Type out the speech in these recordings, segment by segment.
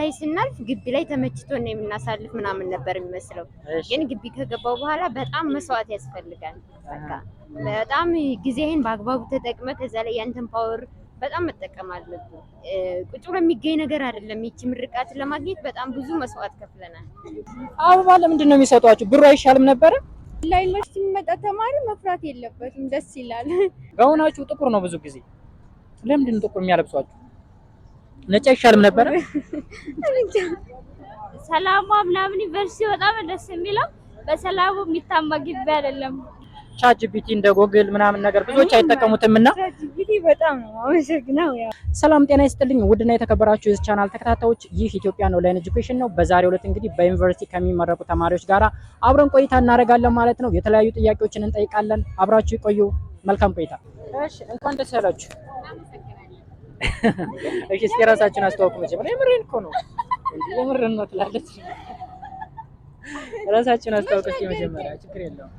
ላይ ስናልፍ ግቢ ላይ ተመችቶ ነው የምናሳልፍ ምናምን ነበር የሚመስለው። ግን ግቢ ከገባው በኋላ በጣም መስዋዕት ያስፈልጋል። በጣም ጊዜህን በአግባቡ ተጠቅመ ከዛ ላይ ያንተን ፓወር በጣም መጠቀም አለብን። ቁጭ ብሎ የሚገኝ ነገር አይደለም። ይቺ ምርቃት ለማግኘት በጣም ብዙ መስዋዕት ከፍለናል። አበባ ለምንድን ነው የሚሰጧቸው? ብሩ አይሻልም ነበረ? ለዩኒቨርሲቲ የሚመጣ ተማሪ መፍራት የለበትም። ደስ ይላል። ጋውናችሁ ጥቁር ነው ብዙ ጊዜ። ለምንድን ነው ጥቁር የሚያለብሷቸው? ነጭ አይሻልም ነበረ? ሰላሟ ምናምን ዩኒቨርሲቲ በጣም ደስ የሚለው በሰላሙ የሚታማ ግቢ አይደለም። ቻት ጂፒቲ እንደ ጎግል ምናምን ነገር ብዙዎች አይጠቀሙትም እና በጣም ነው ሰላም ጤና ይስጥልኝ ውድና የተከበራችሁ የዚህ ቻናል ተከታታዮች፣ ይህ ኢትዮጵያን ኦንላይን ኤጁኬሽን ነው። በዛሬው ዕለት እንግዲህ በዩኒቨርሲቲ ከሚመረቁ ተማሪዎች ጋራ አብረን ቆይታ እናደርጋለን ማለት ነው። የተለያዩ ጥያቄዎችን እንጠይቃለን። አብራችሁ ይቆዩ። መልካም ቆይታ። እሺ፣ እንኳን ደስ ያላችሁ። እሺ፣ እስኪ ራሳችሁን አስተዋውቁ። መጀመሪያ የምሬን እኮ ነው፣ የምሬን ነው ትላለች። ራሳችሁን አስተዋውቁ እስኪ መጀመሪያ። ችግር የለውም።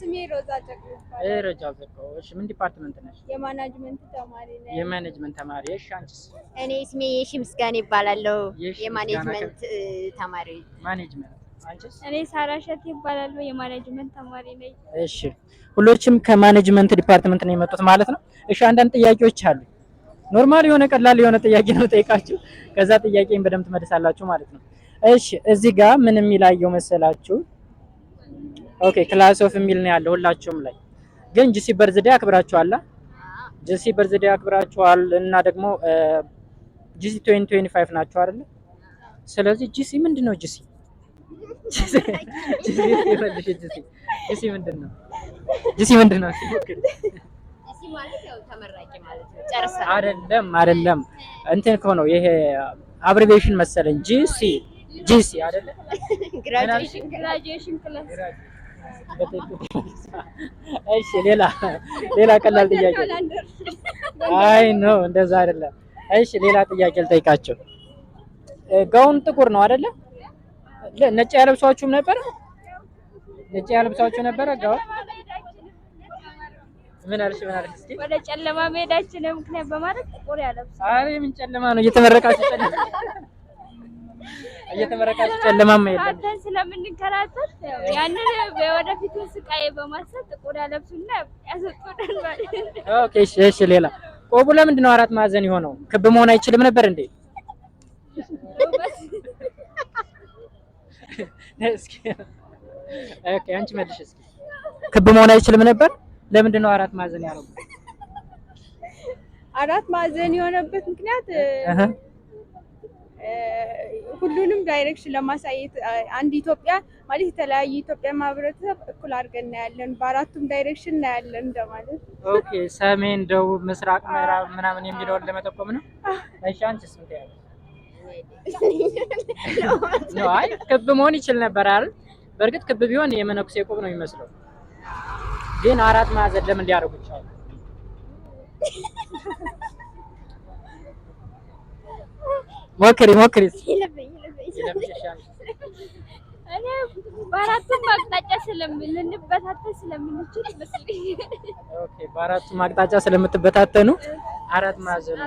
ስሜ ሮዛ ጨቅሎ ይባላል። እሺ፣ ምን ዲፓርትመንት ነሽ? የማናጅመንት ተማሪ ነኝ። የማኔጅመንት ተማሪ። እሺ፣ አንቺስ? እኔ ስሜ የሺ ምስጋና ይባላለሁ። የማኔጅመንት ተማሪ ማኔጅመንት እኔ ሳራ እሸቴ ይባላሉ። የማኔጅመንት ተማሪ ነኝ። እሺ፣ ሁሎችም ከማኔጅመንት ዲፓርትመንት ነው የመጡት ማለት ነው። እሺ፣ አንዳንድ ጥያቄዎች አሉ። ኖርማል የሆነ ቀላል የሆነ ጥያቄ ነው ጠይቃችሁ፣ ከዛ ጥያቄን በደንብ ትመልሳላችሁ ማለት ነው። እሺ፣ እዚህ ጋር ምን የሚላየው መሰላችሁ? ኦኬ፣ ክላስ ኦፍ የሚል ነው ያለው ሁላችሁም ላይ። ግን ጂሲ በርዝዴ አክብራችኋል፣ ጂሲ በርዝዴ አክብራችኋል እና ደግሞ ጂሲ 2025 ናቸው አይደል? ስለዚህ ጂሲ ምንድን ነው ጂሲ ጂሲ ምንድን ነው? ጂሲ ምንድን ነው? አይደለም አይደለም፣ እንትን እኮ ነው ይሄ አብሪቬሽን መሰለኝ። ጂሲ ጂሲ አይደለም ግራጁዌሽን ክላስ። እሺ፣ ሌላ ሌላ ቀላል ጥያቄ። አይ ኖ እንደዛ አይደለም። እሺ፣ ሌላ ጥያቄ ልጠይቃቸው። ጋውን ጥቁር ነው አይደለም? ነጭ ያለብሷችሁም ነበረ? ነጭ ያለብሷችሁ ነበረ? ጋው ምን አልሽ? ምን አልሽ? እስኪ ወደ ጨለማ መሄዳችን ምክንያት በማድረግ ጥቁር ያለብሳ። አሬ ምን ጨለማ ነው? እየተመረቃችሁ ጨለማ እየተመረቃችሁ ጨለማ ማይደለም ስለምንከራተት ያንን ወደፊቱ ስቃይ በማሰብ ጥቁር ያለብሱና ያሰጡናል ማለት ነው። ኦኬ እሺ፣ እሺ። ሌላ ቆቡ ለምንድን ነው አራት ማዕዘን የሆነው? ክብ መሆን አይችልም ነበር እንዴ? ኦኬ፣ አንቺ መልሽ እስኪ። ክብ መሆን አይችልም ነበር? ለምንድን ነው አራት ማዕዘን ያለው? አራት ማዕዘን የሆነበት ምክንያት ሁሉንም ዳይሬክሽን ለማሳየት አንድ ኢትዮጵያ ማለት የተለያዩ ኢትዮጵያ ማህበረሰብ እኩል አድርገን እናያለን። በአራቱም ዳይሬክሽን እናያለን እንደማለት። ኦኬ፣ ሰሜን፣ ደቡብ፣ ምስራቅ፣ ምዕራብ ምናምን የሚለውን ለመጠቆም ነው። እሺ፣ አንቺስ ምን ትያለሽ? አይ ክብ መሆን ይችል ነበር አይደል? በእርግጥ ክብ ቢሆን የመነኩሴ የቆብ ነው የሚመስለው፣ ግን አራት ማዕዘን ለምን ሊያደርጉ ይችላል? ሞክሪ ሞክሪ። በአራቱም አቅጣጫ ስለምንችል በአራቱም አቅጣጫ ስለምትበታተኑ አራት ማዕዘን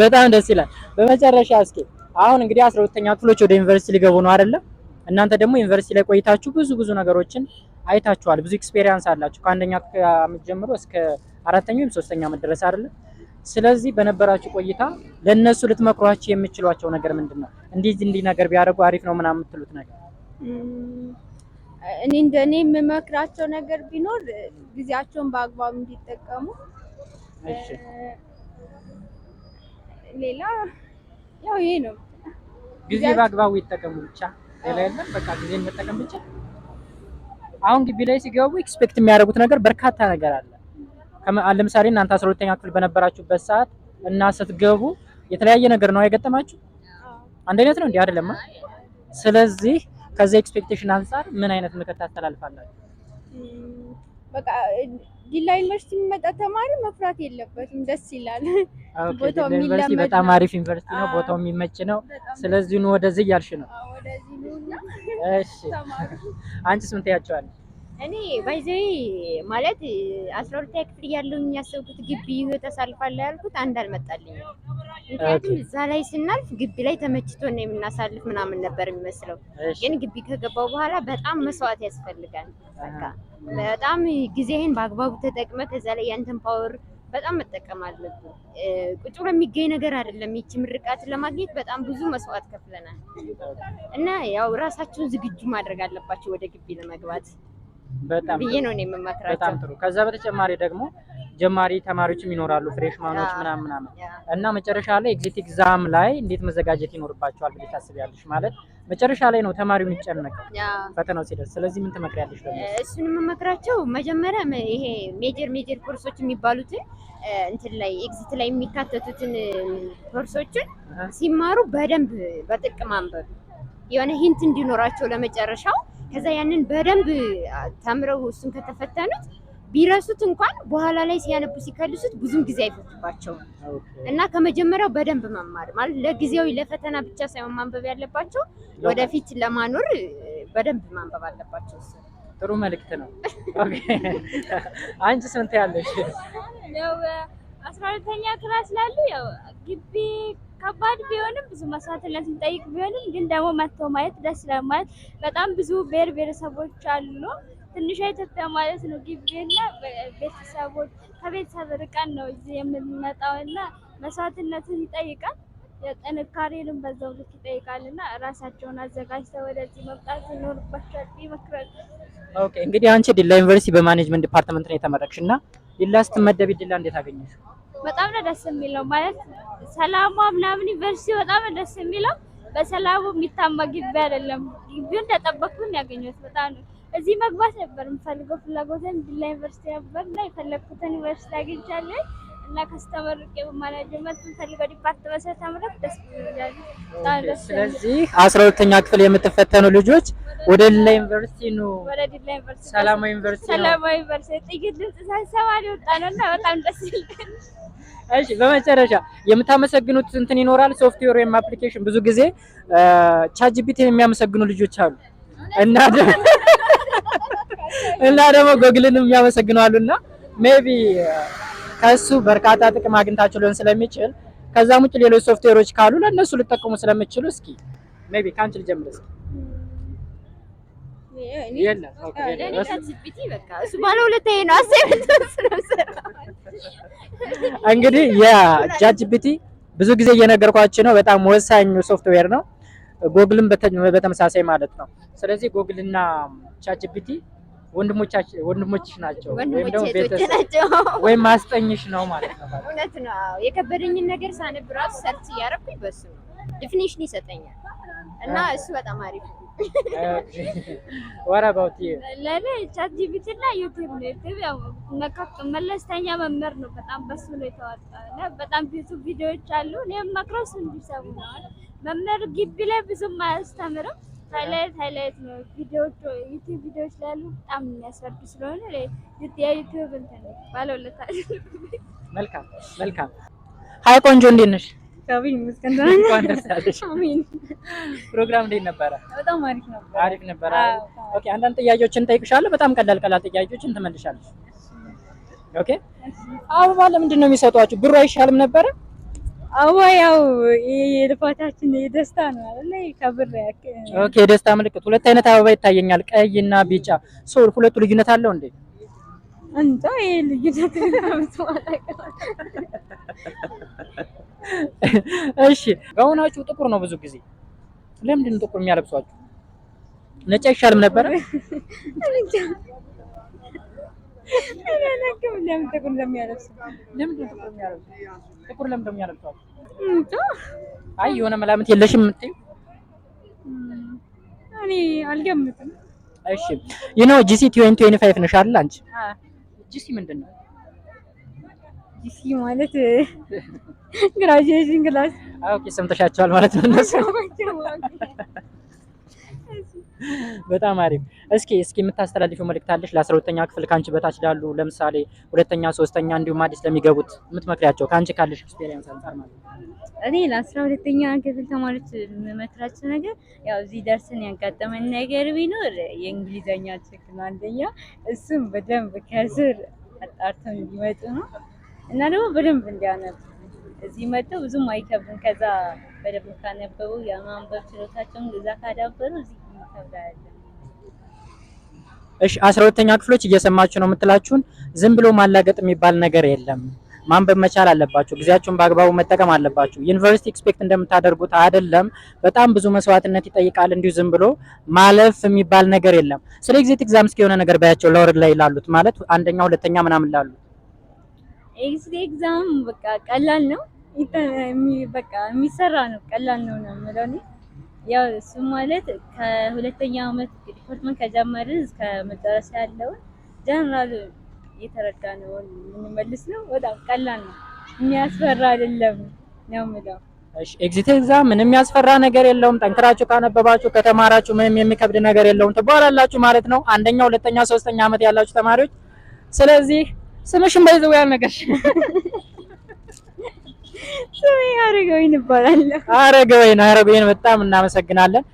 በጣም ደስ ይላል። በመጨረሻ እስኪ አሁን እንግዲህ አስራ ሁለተኛ ክፍሎች ወደ ዩኒቨርሲቲ ሊገቡ ነው አይደለም? እናንተ ደግሞ ዩኒቨርሲቲ ላይ ቆይታችሁ ብዙ ብዙ ነገሮችን አይታችኋል። ብዙ ኤክስፔሪያንስ አላችሁ ከአንደኛ ዓመት ጀምሮ እስከ አራተኛ ወይም ሶስተኛ ዓመት ድረስ አይደለም? ስለዚህ በነበራችሁ ቆይታ ለእነሱ ልትመክሯቸው የምችሏቸው ነገር ምንድን ነው? እንዲህ እንዲህ ነገር ቢያደርጉ አሪፍ ነው ምናምን የምትሉት ነገር እኔ እንደኔ የምመክራቸው ነገር ቢኖር ጊዜያቸውን በአግባቡ እንዲጠቀሙ ሌላ ያው ይሄ ነው። ጊዜ በአግባቡ ይጠቀሙ ብቻ፣ ሌላ የለም። በቃ ጊዜን መጠቀም ብቻ። አሁን ግቢ ላይ ሲገቡ ኤክስፔክት የሚያደርጉት ነገር በርካታ ነገር አለ። ለምሳሌ እናንተ አስራ ሁለተኛ ክፍል በነበራችሁበት ሰዓት እና ስትገቡ የተለያየ ነገር ነው የገጠማችሁ። አንድ አይነት ነው እንዴ? አይደለም። ስለዚህ ከዚህ ኤክስፔክቴሽን አንፃር ምን አይነት ምክር ታስተላልፋላችሁ? በቃ ዲላ ዩኒቨርሲቲ የሚመጣ ተማሪ መፍራት የለበትም። ደስ ይላል። ቦታው ዩኒቨርሲቲ በጣም አሪፍ ዩኒቨርሲቲ ነው። ቦታው የሚመች ነው። ስለዚህ ወደዚህ እያልሽ ነው። እሺ አንቺስ ምን ትያቸዋለሽ? እኔ ባይዘይ ማለት አስራ ሁለተኛ ክፍል ያለውን ያሰብኩት ግቢ ህይወት አሳልፋለሁ ያልኩት አንድ አልመጣልኝ። ምክንያቱም እዛ ላይ ስናልፍ ግቢ ላይ ተመችቶን ነው የምናሳልፍ ምናምን ነበር የሚመስለው። ግን ግቢ ከገባው በኋላ በጣም መስዋዕት ያስፈልጋል። በቃ በጣም ጊዜህን በአግባቡ ተጠቅመ ከዛ ላይ ያንተን ፓወር በጣም መጠቀም አለብን። ቁጭ ብሎ የሚገኝ ነገር አይደለም። ይቺ ምርቃት ለማግኘት በጣም ብዙ መስዋዕት ከፍለናል እና ያው ራሳቸውን ዝግጁ ማድረግ አለባቸው ወደ ግቢ ለመግባት። ብዬ ነው የምመክራቸው። በጣም ጥሩ። ከዛ በተጨማሪ ደግሞ ጀማሪ ተማሪዎችም ይኖራሉ ፍሬሽማኖች ምናምን ምናምን እና መጨረሻ ላይ ኤግዚት ኤግዛም ላይ እንዴት መዘጋጀት ይኖርባቸዋል ብለሽ ታስቢያለሽ? ማለት መጨረሻ ላይ ነው ተማሪው የሚጨነቀው ፈተናው ሲደርስ። ስለዚህ ምን ትመክሪያለሽ ደግሞ? እሱን የምመክራቸው መጀመሪያ ይሄ ሜጀር ሜጀር ኮርሶች የሚባሉትን እንትን ላይ ኤግዚት ላይ የሚካተቱትን ኮርሶችን ሲማሩ በደንብ በጥቅም አንበብ የሆነ ሂንት እንዲኖራቸው ለመጨረሻው ከዛ ያንን በደንብ ተምረው እሱን ከተፈተኑት ቢረሱት እንኳን በኋላ ላይ ሲያነቡ ሲከልሱት ብዙም ጊዜ አይፈትባቸውም እና ከመጀመሪያው በደንብ መማር ማለት ለጊዜያዊ ለፈተና ብቻ ሳይሆን ማንበብ ያለባቸው ወደፊት ለማኖር በደንብ ማንበብ አለባቸው። ጥሩ መልዕክት ነው። አንቺ ስንት ያለሽ? ያው አስራ ሁለተኛ ክላስ ላሉ ያው ግቢ ከባድ ቢሆንም ብዙ መስዋዕትነት የሚጠይቅ ቢሆንም ግን ደግሞ መጥቶ ማየት ደስ ለማለት በጣም ብዙ ብሔር ብሔረሰቦች አሉ። ትንሿ ኢትዮጵያ ማለት ነው። ግቢና ቤተሰቦች ከቤተሰብ ርቀን ነው እዚህ የምንመጣው እና መስዋዕትነትን ይጠይቃል። የጥንካሬንም በዛው ልክ ይጠይቃል እና ራሳቸውን አዘጋጅተው ወደዚህ መምጣት ይኖርባቸዋል ይመክራል። ኦኬ እንግዲህ አንቺ ዲላ ዩኒቨርሲቲ በማኔጅመንት ዲፓርትመንት ነው የተመረቅሽ እና ዲላ ስትመደቢ ዲላ እንዴት አገኘሽ? በጣም ነው ደስ የሚለው ማለት ሰላሟ ምናምን ዩኒቨርሲቲ በጣም ነው ደስ የሚለው። በሰላሙ የሚታማ ግቢ አይደለም። ግቢውን እንደጠበቅኩን ያገኘሁት በጣም ነው። እዚህ መግባት ነበር የምፈልገው ፍላጎትን ዲላ ዩኒቨርሲቲ ነበር እና የፈለግኩትን ዩኒቨርሲቲ አግኝቻለሁ እና ካስተመርቄ በማናጅመንት የምፈልገው ዲፓርትመንት ስለተመረኩ ደስ ብሎኛል። ስለዚህ አስራ ሁለተኛ ክፍል የምትፈተኑ ልጆች ወደ ሌላ ዩኒቨርሲቲ ነው። ወደ ሌላ ዩኒቨርሲቲ ሰላማዊ ዩኒቨርሲቲ ነው። ሰላማዊ ዩኒቨርሲቲ ጥቂት ድምጽ ሳይሰማ ሊወጣ ነው እና በጣም ደስ ይላል። እሺ፣ በመጨረሻ የምታመሰግኑት እንትን ይኖራል ሶፍትዌር ወይም አፕሊኬሽን። ብዙ ጊዜ ቻት የሚያመሰግኑ ልጆች አሉ እና እና ደግሞ ጎግልን የሚያመሰግኑ አሉና ሜቢ ከሱ በርካታ ጥቅም አግኝታችሁ ሊሆን ስለሚችል ከዛም ውጭ ሌሎች ሶፍትዌሮች ካሉ ለእነሱ ልጠቀሙ ስለምችሉ እስኪ ሜቢ ከአንቺ ልጀምር እስኪ እንግዲህ የቻትጂፒቲ ብዙ ጊዜ እየነገርኳችሁ ነው። በጣም ወሳኝ ሶፍትዌር ነው። ጎግልን በተመሳሳይ ማለት ነው። ስለዚህ ጎግል እና ናቸው ወይም ማስጠኝሽ ነው ማለት ነው። እውነት ነው። የከበደኝን ነገር ሳነብ ሰርች እያደረኩኝ ዲፊኒሽን ይሰጠኛል እና እሱ በጣም አሪፍ ነው። ወራ ቻት ጂፒቲ እና ዩቲዩብ ነው። ዩቲዩብ ያው መለስተኛ መምህር ነው። በጣም በሱ ነው የተዋጣው በጣም ብዙ ቪዲዮዎች አሉ። እኔ የምመክረው እሱ እንዲሰሩ ነው። መምህር ግቢ ላይ ብዙም አያስተምርም። ሃይላይት ሃይላይት ነው ቪዲዮዎች ዩቲዩብ ቪዲዮዎች ላይ ያሉ በጣም የሚያስፈርዱ ስለሆነ የዩቲዩብ እንትን ባለውለታ። መልካም መልካም። ሀይ ቆንጆ እንዴት ነሽ? አካባቢ ይመስገን። እንኳን ደስ ያለሽ። ፕሮግራም እንዴት ነበረ? በጣም አሪፍ ነበር። አሪፍ ነበረ። ኦኬ፣ አንዳንድ ጥያቄዎችን ጠይቅሻለሁ። በጣም ቀላል ቀላል ጥያቄዎችን ትመልሻለሽ። ኦኬ። አበባ ለምንድን ነው የሚሰጧችሁ? ብሩ አይሻልም ነበረ? አበባ ያው የልፋታችን የደስታ ነው አይደል? ከብር ኦኬ፣ የደስታ ምልክት። ሁለት አይነት አበባ ይታየኛል፣ ቀይና ቢጫ። ሶ ሁለቱ ልዩነት አለው እንዴ? እንጃ ይሄ ልዩነት እሺ፣ ጋውናችሁ ጥቁር ነው። ብዙ ጊዜ ለምንድን ነው ጥቁር የሚያለብሷችሁ? ነጭ አይሻልም ነበረ? አይ የሆነ መላምት የለሽም የምትይው? እኔ አልገምትም። እሺ፣ ዩ ኖ ጂሲ 2025 ነሽ አይደል አንቺ? ጂሲ ምንድን ነው? ጂሲ ማለት ግራጁዌሽን ክላስ። ኦኬ ሰምተሻቸዋል ማለት ነው እነሱ በጣም አሪፍ። እስኪ እስኪ የምታስተላልፊው መልእክት አለሽ? ለ 12 ሁለተኛ ክፍል ከአንቺ በታች ላሉ ለምሳሌ ሁለተኛ፣ ሶስተኛ እንዲሁም አዲስ ለሚገቡት የምትመክሪያቸው ከአንቺ ካለሽ ኤክስፔሪየንስ አንጻር ማለት ነው። እኔ ለ 12 ሁለተኛ ክፍል ተማሪዎች የምመክራቸው ነገር ያው እዚህ ደርስን ያጋጠመን ነገር ቢኖር የእንግሊዘኛ ችግር አንደኛ፣ እሱም በደንብ ከስር አጣርተው እንዲመጡ ነው እና ደግሞ በደንብ እንዲያነብ እዚህ መጥተው ብዙም አይከብድም። ከዛ በደንብ ካነበቡ የማንበብ ችሎታቸውን እዛ ካዳበሩ እዚህ እሺ አስራ ሁለተኛ ክፍሎች እየሰማችሁ ነው የምትላችሁን፣ ዝም ብሎ ማላገጥ የሚባል ነገር የለም። ማንበብ መቻል አለባችሁ። ጊዜያችሁን በአግባቡ መጠቀም አለባችሁ። ዩኒቨርሲቲ ኤክስፔክት እንደምታደርጉት አይደለም። በጣም ብዙ መስዋዕትነት ይጠይቃል። እንዲሁ ዝም ብሎ ማለፍ የሚባል ነገር የለም። ስለ ኤግዚት ኤግዛም እስኪ የሆነ ነገር ባያቸው ለወርድ ላይ ላሉት ማለት አንደኛ ሁለተኛ ምናምን ላሉት ኤግዚት ኤግዛም በቃ ቀላል ነው፣ በቃ የሚሰራ ነው፣ ቀላል ነው ነው ያው እሱ ማለት ከሁለተኛ ዓመት ዲፓርትመንት ከጀመርን እስከ መጨረሻ ያለውን ጀነራል ነው የምንመልስ ነው። በጣም ቀላል ነው፣ የሚያስፈራ አይደለም ነው የምለው። እሺ ኤግዚት ኤግዛም ምንም የሚያስፈራ ነገር የለውም። ጠንክራችሁ ካነበባችሁ ከተማራችሁ ምንም የሚከብድ ነገር የለውም ትባላላችሁ ማለት ነው። አንደኛ፣ ሁለተኛ፣ ሶስተኛ ዓመት ያላችሁ ተማሪዎች። ስለዚህ ስምሽን በይዘው ያል ነገር ስሜ አረጋዊን ይባላል። አረጋዊን አረጋዊን በጣም እናመሰግናለን።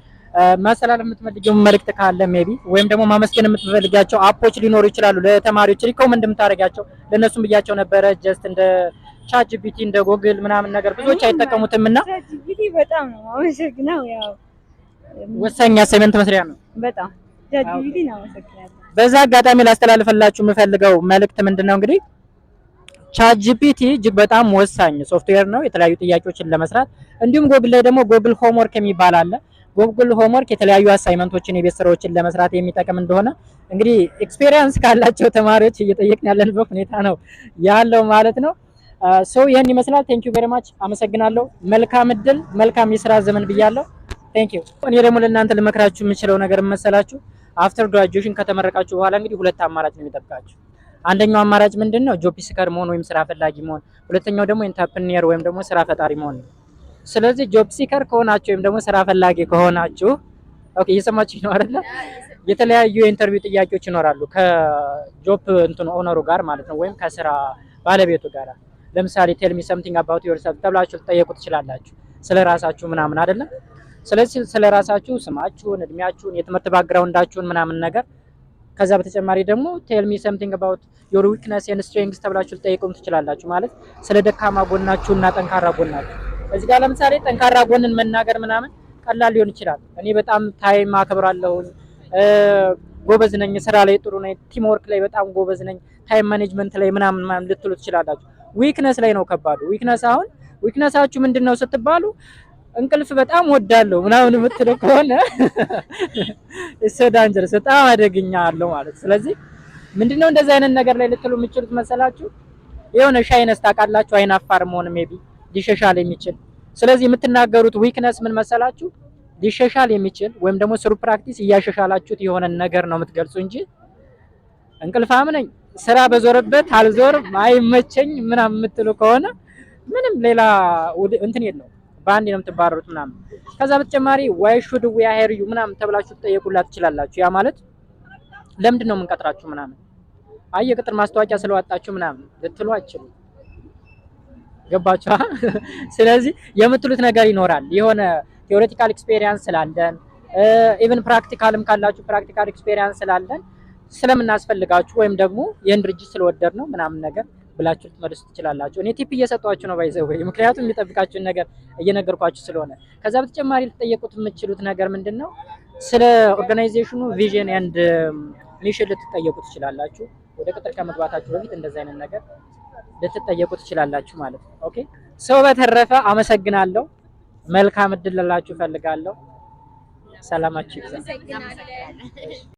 መሰላል የምትመልጊው መልእክት ካለ ሜቢ ወይም ደግሞ ማመስገን የምትፈልጋቸው አፖች ሊኖሩ ይችላሉ። ለተማሪዎች ሪኮመንድ የምታደርጋቸው ለእነሱም ብያቸው ነበረ። ጀስት እንደ ቻትጂፒቲ እንደ ጎግል ምናምን ነገር ብዙዎች አይጠቀሙትም እና ቻትጂፒቲ በጣም ነው አመሰግናው። ያው ወሳኝ አሳይመንት መስሪያ ነው በጣም ቻትጂፒቲ ነው። አመሰግናለሁ። በዛ አጋጣሚ ላስተላልፈላችሁ የምፈልገው መልእክት ምንድን ነው እንግዲህ ቻት ጂፒቲ እጅግ በጣም ወሳኝ ሶፍትዌር ነው የተለያዩ ጥያቄዎችን ለመስራት። እንዲሁም ጎግል ላይ ደግሞ ጎግል ሆምወርክ የሚባል አለ። ጎግል ሆምወርክ የተለያዩ አሳይመንቶችን የቤት ስራዎችን ለመስራት የሚጠቅም እንደሆነ እንግዲህ ኤክስፔሪንስ ካላቸው ተማሪዎች እየጠየቅን ያለንበት ሁኔታ ነው ያለው ማለት ነው። ሰው ይህን ይመስላል። ቴንኪዩ ቬሪ ማች አመሰግናለሁ። መልካም እድል፣ መልካም የስራ ዘመን ብያለሁ። ቴንኪዩ። እኔ ደግሞ ለእናንተ ልመክራችሁ የምችለው ነገር መሰላችሁ፣ አፍተር ግራጁዌሽን ከተመረቃችሁ በኋላ እንግዲህ ሁለት አማራጭ ነው የሚጠብቃችሁ አንደኛው አማራጭ ምንድን ነው? ጆብ ሲከር መሆን ወይም ስራ ፈላጊ መሆን፣ ሁለተኛው ደግሞ ኢንተርፕሪነር ወይም ደግሞ ስራ ፈጣሪ መሆን ነው። ስለዚህ ጆብ ሲከር ከሆናችሁ ወይም ደግሞ ስራ ፈላጊ ከሆናችሁ ኦኬ፣ እየሰማችሁ ነው አይደለ? የተለያዩ የኢንተርቪው ጥያቄዎች ይኖራሉ ከጆብ እንትኑ ኦነሩ ጋር ማለት ነው ወይም ከስራ ባለቤቱ ጋር። ለምሳሌ ሚ ሰምቲንግ አባውት ዮርሰልፍ ተብላችሁ ልጠየቁ ትችላላችሁ፣ ስለ ራሳችሁ ምናምን አይደለም። ስለዚህ ስለ ራሳችሁ ስማችሁን፣ እድሜያችሁን፣ የትምህርት ባግራውንዳችሁን ምናምን ነገር ከዛ በተጨማሪ ደግሞ ቴልሚ ሰምቲንግ አባውት ዮር ዊክነስ ኤንድ ስትሬንግስ ተብላችሁ ልጠይቁም ትችላላችሁ። ማለት ስለ ደካማ ጎናችሁ እና ጠንካራ ጎናችሁ። እዚህ ጋር ለምሳሌ ጠንካራ ጎንን መናገር ምናምን ቀላል ሊሆን ይችላል። እኔ በጣም ታይም አከብራለሁ፣ ጎበዝ ነኝ፣ ስራ ላይ ጥሩ ነኝ፣ ቲምወርክ ላይ በጣም ጎበዝ ነኝ፣ ታይም ማኔጅመንት ላይ ምናምን ምናምን ልትሉ ትችላላችሁ። ዊክነስ ላይ ነው ከባዱ። ዊክነስ አሁን ዊክነሳችሁ ምንድን ነው ስትባሉ እንቅልፍ በጣም ወዳለሁ ምናምን የምትለው ከሆነ እሰ ዳንጀርስ በጣም አደገኛ አለው ማለት። ስለዚህ ምንድነው እንደዚህ አይነት ነገር ላይ ልትሉ የምችሉት መሰላችሁ? የሆነ ሻይነስ ታውቃላችሁ፣ አፋር መሆን ሜቢ ሊሸሻል የሚችል ስለዚህ የምትናገሩት ዊክነስ ምን መሰላችሁ? ሊሸሻል የሚችል ወይም ደግሞ ስሩ ፕራክቲስ እያሸሻላችሁት የሆነ ነገር ነው የምትገልጹ እንጂ እንቅልፋም ነኝ ስራ በዞረበት አልዞርም አይመቸኝ ምናምን የምትሉ ከሆነ ምንም ሌላ እንትን የለውም። በአንድ ነው የምትባረሩት ምናምን። ከዛ በተጨማሪ ዋይ ሹድ ዊ ሃየር ዩ ምናምን ተብላችሁ ትጠየቁላት ትችላላችሁ። ያ ማለት ለምንድን ነው የምንቀጥራችሁ ምናምን፣ አየ ቅጥር ማስታወቂያ ስለዋጣችሁ ምናምን ልትሉ አችሉ። ገባችሁ? ስለዚህ የምትሉት ነገር ይኖራል። የሆነ ቴዎሬቲካል ኤክስፔሪየንስ ስላለን ኢቨን ፕራክቲካልም ካላችሁ ፕራክቲካል ኤክስፔሪየንስ ስላለን ስለምናስፈልጋችሁ ወይም ደግሞ ይህን ድርጅት ስለወደድ ነው ምናምን ነገር ብላችሁ ልትመልሱ ትችላላችሁ። እኔ ቲፕ እየሰጧችሁ ነው ባይዘው ወይ ምክንያቱም የሚጠብቃችሁን ነገር እየነገርኳችሁ ስለሆነ። ከዛ በተጨማሪ ልትጠየቁት የምትችሉት ነገር ምንድን ነው? ስለ ኦርጋናይዜሽኑ ቪዥን ኤንድ ሚሽን ልትጠየቁ ትችላላችሁ። ወደ ቅጥር ከመግባታችሁ በፊት እንደዚህ አይነት ነገር ልትጠየቁ ትችላላችሁ ማለት ነው። ኦኬ ሰው በተረፈ አመሰግናለሁ። መልካም እድል ልላችሁ እፈልጋለሁ። ሰላማችሁ ይብዛ።